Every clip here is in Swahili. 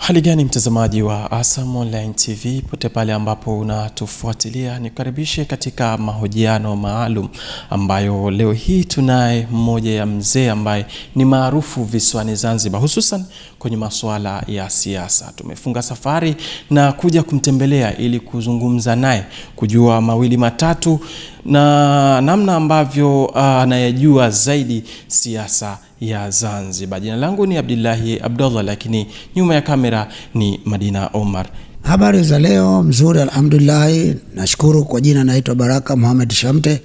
Hali gani mtazamaji wa Asam Online TV pote pale ambapo unatufuatilia, nikukaribishe katika mahojiano maalum ambayo leo hii tunaye mmoja ya mzee ambaye ni maarufu visiwani Zanzibar, hususan kwenye masuala ya siasa. Tumefunga safari na kuja kumtembelea ili kuzungumza naye, kujua mawili matatu na namna ambavyo ah, anayajua zaidi siasa ya Zanzibar. Jina langu ni Abdullahi Abdullah, lakini nyuma ya kamera ni Madina Omar. Habari za leo? Mzuri, alhamdulillahi, nashukuru. Kwa jina naitwa Baraka Muhamed Shamte,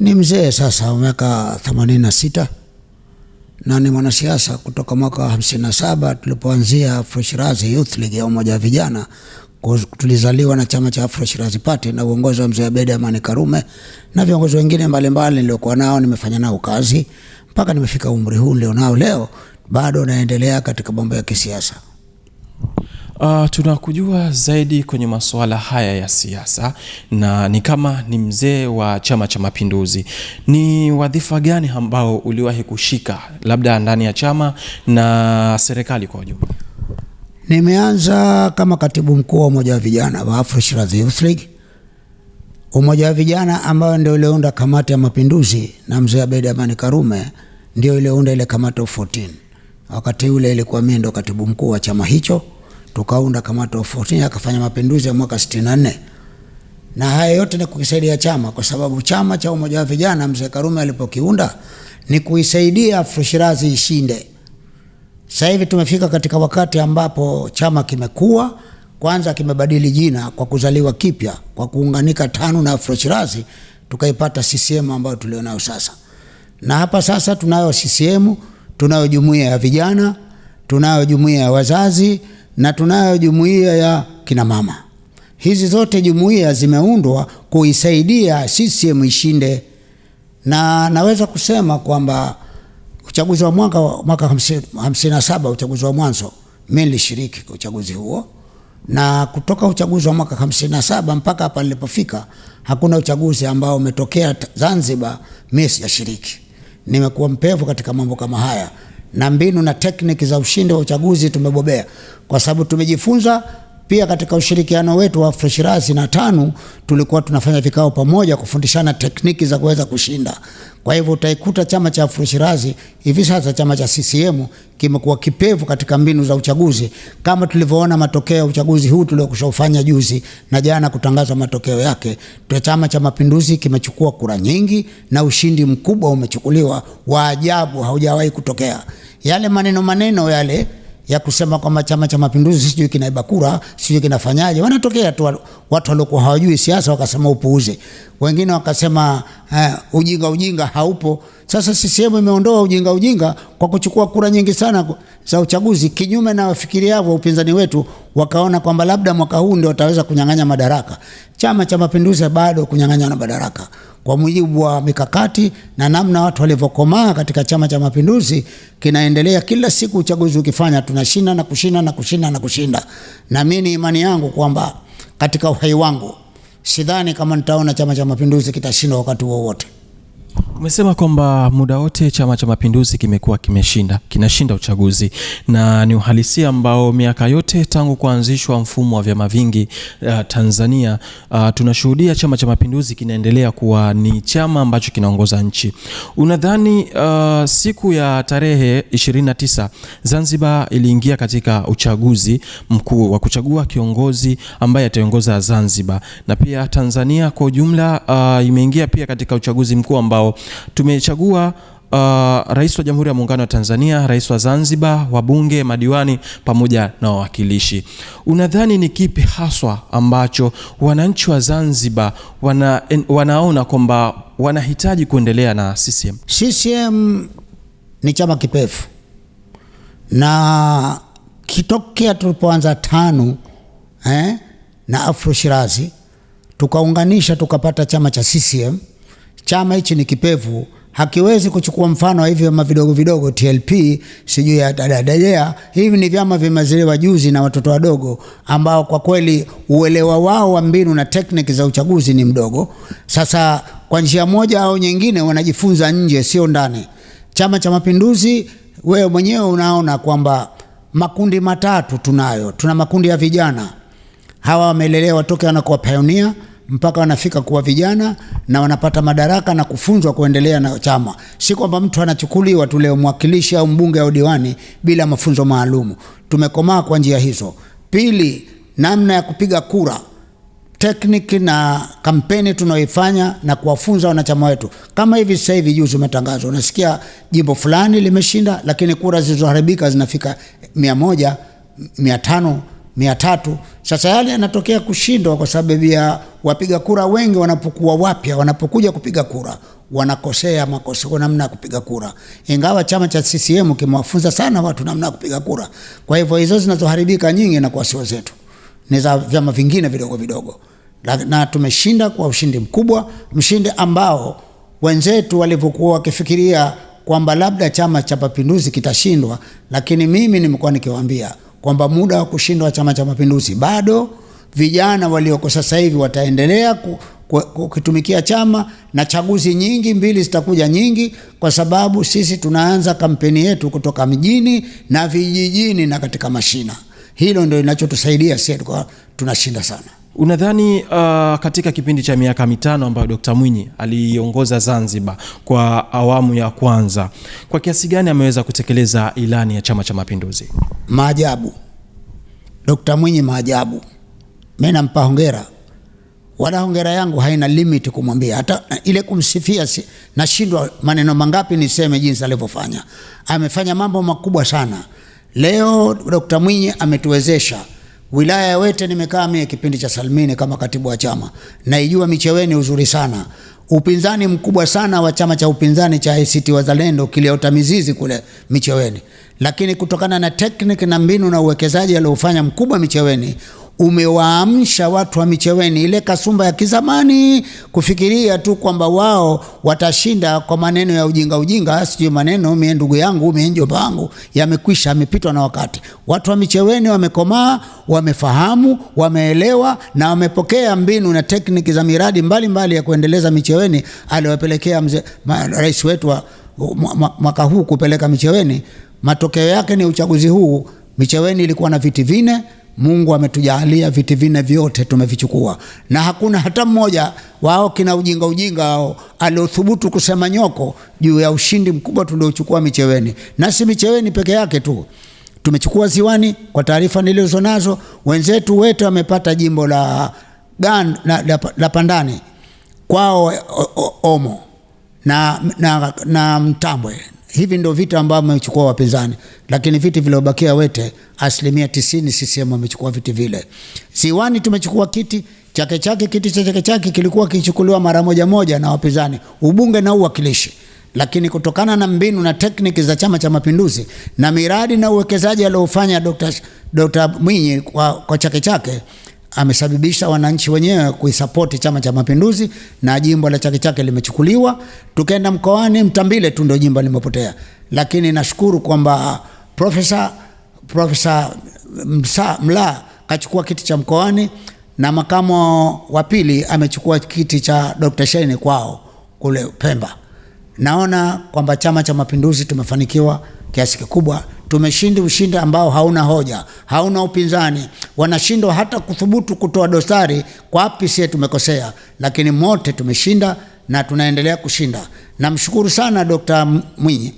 ni mzee sasa wa miaka 86 na ni mwanasiasa kutoka mwaka 57 tulipoanzia Fresh Shirazi Youth League ya umoja wa vijana tulizaliwa na chama cha Afro Shirazi Party na uongozi wa mzee Abedi Amani Karume na viongozi wengine mbalimbali niliokuwa nao, nimefanya nao kazi mpaka nimefika umri huu nilionao nao leo, bado naendelea katika mambo ya kisiasa. Uh, tunakujua zaidi kwenye masuala haya ya siasa na ni kama ni mzee wa Chama cha Mapinduzi. Ni wadhifa gani ambao uliwahi kushika labda ndani ya chama na serikali kwa ujumla? Nimeanza kama katibu mkuu wa umoja wa vijana wa Afro Shirazi Youth League, umoja wa vijana ambayo ndio uliounda kamati ya mapinduzi, na mzee Abeid Amani Karume ndio iliounda ile kamati of 14. Wakati ule ilikuwa mimi ndo katibu mkuu wa chama hicho, tukaunda kamati of 14 akafanya mapinduzi ya mwaka 64 na haya yote ni kukisaidia chama, kwa sababu chama cha umoja wa vijana mzee Karume alipokiunda ni kuisaidia Afro Shirazi ishinde. Sasa hivi tumefika katika wakati ambapo chama kimekuwa kwanza, kimebadili jina kwa kuzaliwa kipya kwa kuunganika TANU na Afro Shirazi, tukaipata CCM ambayo tulionayo sasa, na hapa sasa tunayo CCM, tunayo jumuiya ya vijana, tunayo jumuiya ya wazazi na tunayo jumuiya ya kinamama. Hizi zote jumuiya zimeundwa kuisaidia CCM ishinde, na naweza kusema kwamba uchaguzi wa mwaka mwaka 57 uchaguzi wa mwanzo, mimi nilishiriki uchaguzi huo, na kutoka uchaguzi wa mwaka 57 mpaka hapa nilipofika hakuna uchaguzi ambao umetokea Zanzibar mimi sijashiriki. Nimekuwa mpevu katika mambo kama haya, na mbinu na tekniki za ushindi wa uchaguzi tumebobea, kwa sababu tumejifunza pia katika ushirikiano wetu wa Fresh na TANU tulikuwa tunafanya vikao pamoja kufundishana tekniki za kuweza kushinda. Kwa hivyo utaikuta chama cha Fresh hivi sasa chama cha CCM kimekuwa kipevu katika mbinu za uchaguzi, kama tulivyoona matokeo ya uchaguzi huu ufanya juzi na jana kutangazwa matokeo yake. Chama cha Mapinduzi kimechukua kura nyingi na ushindi mkubwa umechukuliwa wa ajabu, haujawahi kutokea. Yale maneno maneno yale ya kusema kwamba Chama cha Mapinduzi sijui kinaiba kura sijui kinafanyaje. Wanatokea tu watu waliokuwa hawajui siasa wakasema upuuze, wengine wakasema eh, ujinga ujinga haupo. Sasa CCM imeondoa ujinga ujinga kwa kuchukua kura nyingi sana za uchaguzi, kinyume na wafikiriavyo upinzani wetu, wakaona kwamba labda mwaka huu ndio wataweza kunyang'anya madaraka. Chama cha Mapinduzi bado kunyang'anya na madaraka kwa mujibu wa mikakati na namna watu walivyokomaa katika Chama cha Mapinduzi, kinaendelea kila siku. Uchaguzi ukifanya tunashinda na kushinda na kushinda na kushinda, na mimi ni imani yangu kwamba katika uhai wangu sidhani kama nitaona Chama cha Mapinduzi kitashinda wakati wowote. Umesema kwamba muda wote Chama cha Mapinduzi kimekuwa kimeshinda, kinashinda uchaguzi na ni uhalisia ambao miaka yote tangu kuanzishwa mfumo wa vyama vingi uh, Tanzania uh, tunashuhudia Chama cha Mapinduzi kinaendelea kuwa ni chama ambacho kinaongoza nchi. Unadhani uh, siku ya tarehe 29 Zanzibar iliingia katika uchaguzi mkuu wa kuchagua kiongozi ambaye ataongoza Zanzibar na pia Tanzania kwa ujumla uh, imeingia pia katika uchaguzi mkuu ambao ambao tumechagua Uh, rais wa Jamhuri ya Muungano wa Tanzania, rais wa Zanzibar, wabunge, madiwani pamoja na wawakilishi. Unadhani ni kipi haswa ambacho wananchi wa Zanzibar wana, wanaona kwamba wanahitaji kuendelea na CCM? CCM ni chama kipefu na kitokea tulipoanza tano eh, na Afro Shirazi tukaunganisha tukapata chama cha CCM chama hichi ni kipevu, hakiwezi kuchukua mfano wa hivi vyama vidogo vidogo TLP, sijui ya dadadadea. Hivi ni vyama vimezaliwa juzi na watoto wadogo ambao kwa kweli uelewa wao wa mbinu na tekniki za uchaguzi ni mdogo. Sasa kwa njia moja au nyingine wanajifunza nje, sio ndani. Chama cha Mapinduzi, wewe mwenyewe unaona kwamba makundi matatu tunayo. Tuna makundi ya vijana hawa wamelelewa toke wanakuwa pioneer mpaka wanafika kuwa vijana na wanapata madaraka na kufunzwa kuendelea na chama. Si kwamba mtu anachukuliwa tu leo mwakilishi au mbunge au diwani bila mafunzo maalumu. Tumekomaa kwa njia hizo. Pili, namna ya kupiga kura tekniki na kampeni tunaoifanya na kuwafunza wanachama wetu. Kama hivi sasa hivi, juzi umetangazwa, unasikia jimbo fulani limeshinda, lakini kura zilizoharibika zinafika mia moja mia tano mia tatu. Sasa yale yanatokea kushindwa kwa sababu ya wapiga kura wengi wanapokuwa wapya, wanapokuja kupiga kura wanakosea makosa kwa namna ya kupiga kura, ingawa chama cha CCM kimewafunza sana watu namna ya kupiga kura. Kwa hivyo hizo zinazoharibika nyingi na kwa sio zetu, ni za vyama vingine vidogo vidogo, na tumeshinda kwa ushindi mkubwa, mshindi ambao wenzetu walivyokuwa wakifikiria kwamba labda Chama cha Mapinduzi kitashindwa, lakini mimi nimekuwa nikiwaambia kwamba muda wa kushindwa Chama cha Mapinduzi bado, vijana walioko sasa hivi wataendelea ku, ku, kukitumikia chama, na chaguzi nyingi mbili zitakuja nyingi, kwa sababu sisi tunaanza kampeni yetu kutoka mjini na vijijini na katika mashina. Hilo ndio linachotusaidia sisi, tunashinda sana. Unadhani uh, katika kipindi cha miaka mitano ambayo dokta Mwinyi aliiongoza Zanzibar kwa awamu ya kwanza, kwa kiasi gani ameweza kutekeleza ilani ya Chama cha Mapinduzi? Maajabu. dokta Mwinyi maajabu. Mimi nampa hongera, wala hongera yangu haina limit kumwambia, hata ile kumsifia si, nashindwa maneno mangapi niseme jinsi alivyofanya. Amefanya mambo makubwa sana. Leo dokta Mwinyi ametuwezesha wilaya ya Wete nimekaa mie kipindi cha Salmini kama katibu wa chama, naijua Micheweni uzuri sana. Upinzani mkubwa sana wa chama cha upinzani cha ACT Wazalendo kiliota mizizi kule Micheweni, lakini kutokana na tekniki na mbinu na uwekezaji aliofanya mkubwa Micheweni umewaamsha watu wa Micheweni, ile kasumba ya kizamani, kufikiria tu kwamba wao watashinda kwa maneno ya ujinga ujinga, sijui maneno mie ndugu yangu mie njomba yangu, yamekwisha, yamepitwa na wakati. Watu wa Micheweni wamekomaa, wamefahamu, wameelewa na wamepokea mbinu na tekniki za miradi mbalimbali mbali ya kuendeleza Micheweni aliyowapelekea mzee rais wetu wa mwaka huu kupeleka Micheweni. Matokeo yake ni uchaguzi huu Micheweni ilikuwa na viti vine Mungu ametujalia viti vinne vyote tumevichukua, na hakuna hata mmoja wao kina ujinga ujinga wao aliothubutu kusema nyoko juu ya ushindi mkubwa tuliochukua Micheweni, na si Micheweni peke yake tu tumechukua Ziwani. Kwa taarifa nilizo nazo, wenzetu wetu wamepata jimbo la, gan, la, la, la Pandani kwao Omo na, na, na Mtambwe Hivi ndio viti ambavyo wamechukua wapinzani, lakini viti viliobakia Wete asilimia tisini CCM wamechukua viti vile. siwani tumechukua kiti Chake Chake, kiti cha Chake Chake kilikuwa kichukuliwa mara moja moja na wapinzani, ubunge na uwakilishi, lakini kutokana na mbinu na tekniki za Chama cha Mapinduzi na miradi na uwekezaji aliofanya Dr. Mwinyi kwa, kwa Chake Chake amesababisha wananchi wenyewe kuisapoti Chama cha Mapinduzi na jimbo la Chake Chake limechukuliwa. Tukaenda mkoani Mtambile tu ndio jimbo limepotea, lakini nashukuru kwamba profesa profesa Mla kachukua kiti cha mkoani na makamo wa pili amechukua kiti cha Dr. Shein kwao kule Pemba. Naona kwamba Chama cha Mapinduzi tumefanikiwa kiasi kikubwa tumeshindi ushindi ambao hauna hoja, hauna upinzani. Wanashindwa hata kuthubutu kutoa dosari kwa wapi tumekosea, lakini mote tumeshinda na tunaendelea kushinda. Namshukuru sana Dr. Mwinyi,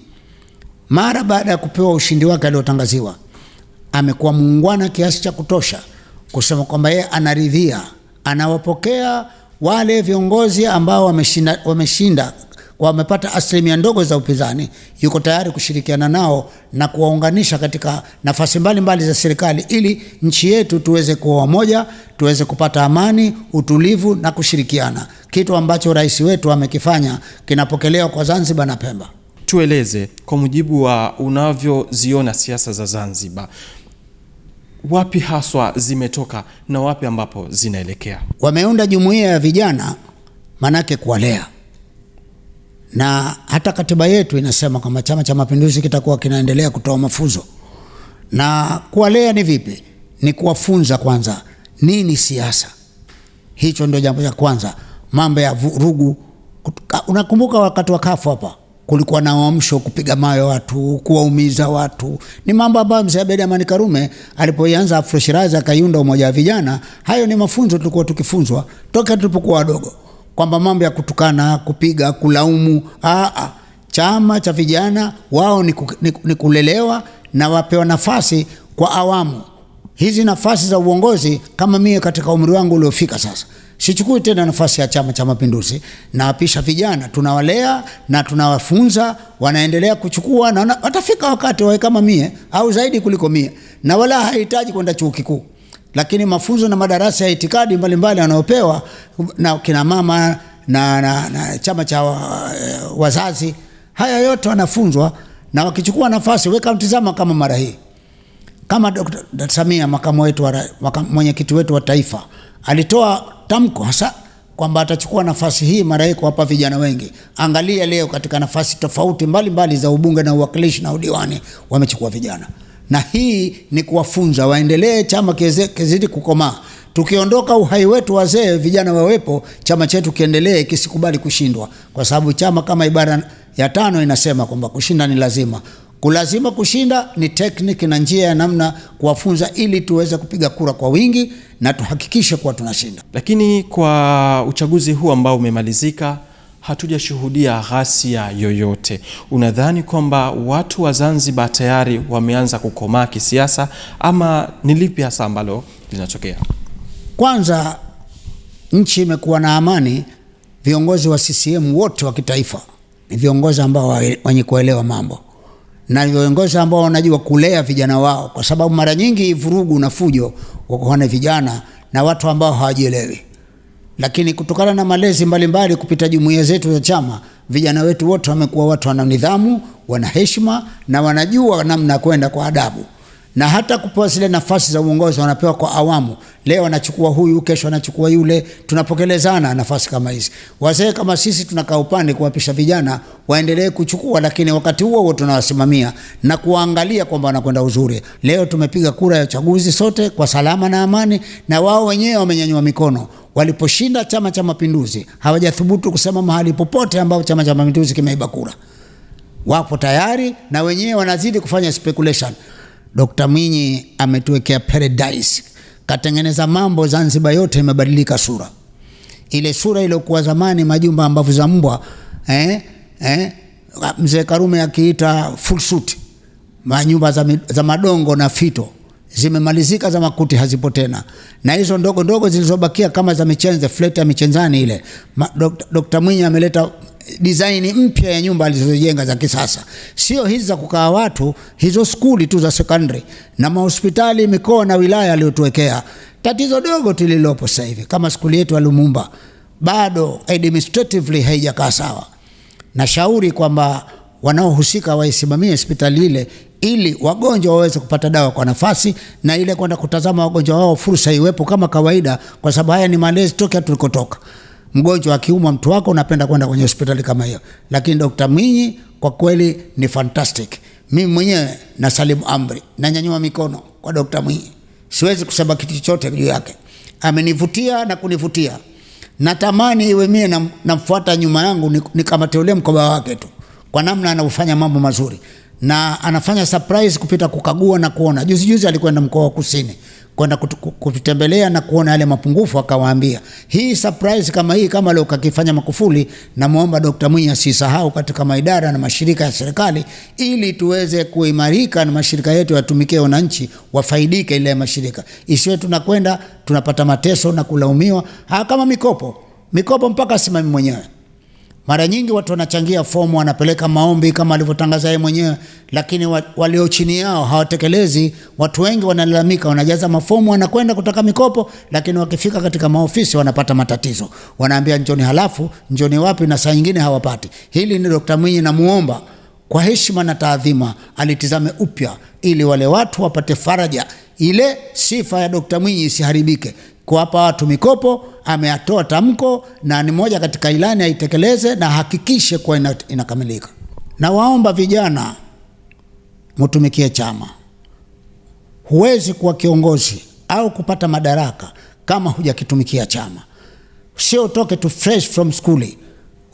mara baada ya kupewa ushindi wake aliotangaziwa, amekuwa muungwana kiasi cha kutosha kusema kwamba yeye anaridhia, anawapokea wale viongozi ambao wameshinda, wameshinda wamepata asilimia ndogo za upinzani, yuko tayari kushirikiana nao na kuwaunganisha katika nafasi mbalimbali za serikali ili nchi yetu tuweze kuwa wamoja, tuweze kupata amani, utulivu na kushirikiana, kitu ambacho rais wetu amekifanya, kinapokelewa kwa Zanzibar na Pemba. Tueleze kwa mujibu wa unavyoziona siasa za Zanzibar, wapi haswa zimetoka na wapi ambapo zinaelekea? Wameunda jumuiya ya vijana, manake kuwalea na hata katiba yetu inasema kwamba Chama cha Mapinduzi kitakuwa kinaendelea kutoa mafunzo na kuwalea. Ni vipi? Ni kuwafunza kwanza nini siasa. Hicho ndio jambo la kwanza. Mambo ya vurugu, unakumbuka wakati wa kafu hapa kulikuwa na uamsho kupiga mayo watu, kuwaumiza watu. Ni mambo ambayo mzee Abedi Amani Karume alipoianza Afro Shirazi akaiunda umoja wa vijana, hayo ni mafunzo tulikuwa tukifunzwa toka tulipokuwa wadogo kwamba mambo ya kutukana, kupiga, kulaumu. Aa, chama cha vijana wao ni, ku, ni, ni kulelewa na wapewa nafasi kwa awamu hizi nafasi za uongozi. Kama mie katika umri wangu uliofika sasa sichukui tena nafasi ya Chama cha Mapinduzi, nawapisha vijana, tunawalea na tunawafunza, wanaendelea kuchukua na watafika wakati wawe kama mie au zaidi kuliko mie, na wala hahitaji kwenda chuo kikuu lakini mafunzo na madarasa ya itikadi mbalimbali wanayopewa na kina mama na, na, na chama cha eh, wazazi, haya yote wanafunzwa na wakichukua nafasi, weka mtizamo kama mara hii kama Dr. Samia makamu wetu mwenyekiti wetu wa taifa alitoa tamko hasa kwamba atachukua nafasi hii mara hii kuwapa vijana wengi. Angalia leo katika nafasi tofauti mbalimbali mbali za ubunge na uwakilishi na udiwani wamechukua vijana na hii ni kuwafunza waendelee, chama kizidi kukomaa. Tukiondoka uhai wetu wazee, vijana wawepo, chama chetu kiendelee, kisikubali kushindwa, kwa sababu chama kama ibara ya tano inasema kwamba kushinda ni lazima. Kulazima kushinda ni tekniki na njia ya namna kuwafunza, ili tuweze kupiga kura kwa wingi na tuhakikishe kuwa tunashinda. Lakini kwa uchaguzi huu ambao umemalizika hatujashuhudia ghasia yoyote. Unadhani kwamba watu wa Zanzibar tayari wameanza kukomaa kisiasa ama ni lipi hasa ambalo linatokea? Kwanza, nchi imekuwa na amani. Viongozi wa CCM wote wa kitaifa ni viongozi ambao wenye kuelewa mambo na viongozi ambao wanajua kulea vijana wao, kwa sababu mara nyingi vurugu na fujo wana vijana na watu ambao hawajielewi lakini kutokana na malezi mbalimbali kupita jumuiya zetu za chama, vijana wetu wote wamekuwa watu wana nidhamu, wana heshima na wanajua namna ya kwenda kwa adabu, na hata kupewa zile nafasi za uongozi wanapewa kwa awamu. Leo anachukua huyu, kesho anachukua yule, tunapokelezana nafasi kama hizi. Wazee kama sisi tunakaa upande kuwapisha vijana waendelee kuchukua, lakini wakati huo huo tunawasimamia na kuwaangalia kwamba wanakwenda uzuri. Leo tumepiga kura ya uchaguzi sote kwa salama na amani, na wao wenyewe wamenyanyua mikono Waliposhinda Chama cha Mapinduzi hawajathubutu kusema mahali popote ambapo Chama cha Mapinduzi kimeiba kura. Wapo tayari na wenyewe wanazidi kufanya speculation. Dr. Mwinyi ametuwekea paradise, katengeneza mambo. Zanzibar yote imebadilika sura, ile sura iliyokuwa zamani majumba ambavyo za mbwa eh, eh, mzee Karume akiita full suit, manyumba za, za madongo na fito zimemalizika za makuti, hazipo tena, na hizo ndogo ndogo zilizobakia kama za michenze, flat ya michenzani ile, Dr. Mwinyi ameleta design mpya ya nyumba alizojenga za kisasa, sio hizi za kukaa watu, hizo skuli tu za secondary na mahospitali mikoa na wilaya aliyotuwekea. Tatizo dogo tulilopo sasa hivi kama skuli yetu ya Lumumba bado administratively haijakaa sawa. na shauri kwamba wanaohusika waisimamie hospitali ile ili wagonjwa waweze kupata dawa kwa nafasi na ile kwenda kutazama wagonjwa wao fursa iwepo kama kawaida, kwa sababu haya ni malezi tokea tulikotoka. Mgonjwa akiumwa mtu wako unapenda kwenda kwenye hospitali kama hiyo, lakini Dr. Mwinyi kwa kweli ni fantastic. Mimi mwenyewe nasalimu amri, na nyanyua mikono kwa Dr. Mwinyi, siwezi kusema kitu chochote juu yake. Amenivutia na kunivutia, natamani iwe mie namfuata nyuma yangu nikamate ule mkoba wake tu, kwa namna anavyofanya mambo mazuri na anafanya surprise kupita kukagua na kuona. Juzi juzi alikwenda mkoa wa Kusini kwenda kututembelea na kuona yale mapungufu, akawaambia hii surprise kama hii kama leo kakifanya Makufuli, na muomba Dr. Mwinyi asisahau katika maidara na mashirika ya serikali, ili tuweze kuimarika na mashirika yetu yatumikie wananchi, wafaidike ile mashirika, isiwe tunakwenda tunapata mateso na kulaumiwa. Ha, ah, kama mikopo mikopo mpaka simami mwenyewe mara nyingi watu wanachangia fomu, wanapeleka maombi kama alivyotangaza yeye mwenyewe, lakini walio chini yao hawatekelezi. Watu wengi wanalalamika, wanajaza mafomu, wanakwenda kutaka mikopo, lakini wakifika katika maofisi wanapata matatizo, wanaambia njoni, halafu njoni wapi, na saa nyingine hawapati. Hili ni Dkt. Mwinyi, namuomba kwa heshima na taadhima alitizame upya, ili wale watu wapate faraja, ile sifa ya dokta Mwinyi isiharibike kuwapa watu mikopo, ameatoa tamko na ni moja katika ilani aitekeleze na hakikishe kuwa ina, inakamilika. Na waomba vijana mutumikie chama. Huwezi kuwa kiongozi au kupata madaraka kama hujakitumikia chama. Sio utoke tu fresh from school,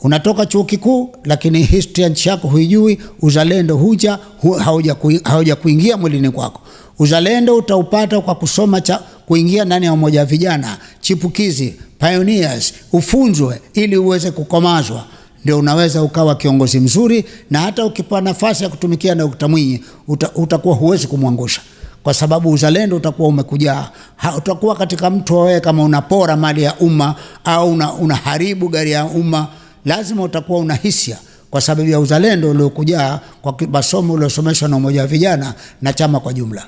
unatoka chuo kikuu, lakini history ya nchi yako huijui, uzalendo huja hauja kuingia mwilini kwako. Uzalendo utaupata kwa kusoma cha kuingia ndani ya umoja wa vijana chipukizi pioneers, ufunzwe ili uweze kukomazwa, ndio unaweza ukawa kiongozi mzuri, na hata ukipewa nafasi ya kutumikia na Dokta Mwinyi uta, utakuwa huwezi kumwangusha kwa sababu uzalendo utakuwa umekujaa. Utakuwa katika mtu wewe, kama unapora mali ya umma au una, unaharibu gari ya umma, lazima utakuwa una hisia kwa sababu ya uzalendo uliokujaa kwa masomo uliosomeshwa na umoja wa vijana na chama kwa jumla.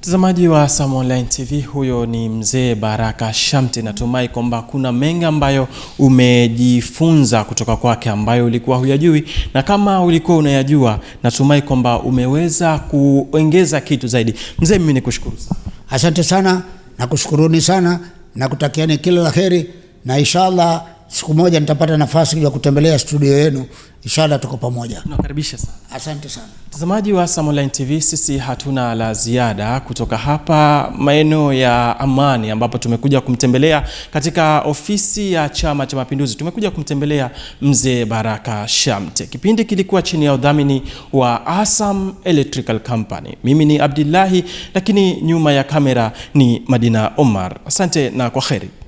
Mtazamaji wa Asam Online TV, huyo ni mzee Baraka Shamte. Natumai kwamba kuna mengi ambayo umejifunza kutoka kwake ambayo ulikuwa huyajui, na kama ulikuwa unayajua, natumai kwamba umeweza kuongeza kitu zaidi. Mzee, mimi nikushukuru sana. Asante sana, nakushukuruni sana, nakutakiani kila la heri na inshallah siku moja nitapata nafasi ya kutembelea studio yenu, inshallah tuko pamoja. Nakaribisha sana. Asante sana mtazamaji wa Sam Online TV, sisi hatuna la ziada kutoka hapa maeneo ya Amani, ambapo tumekuja kumtembelea katika ofisi ya Chama cha Mapinduzi. Tumekuja kumtembelea mzee Baraka Shamte. Kipindi kilikuwa chini ya udhamini wa Asam Electrical Company. Mimi ni Abdillahi, lakini nyuma ya kamera ni Madina Omar. Asante na kwa kheri.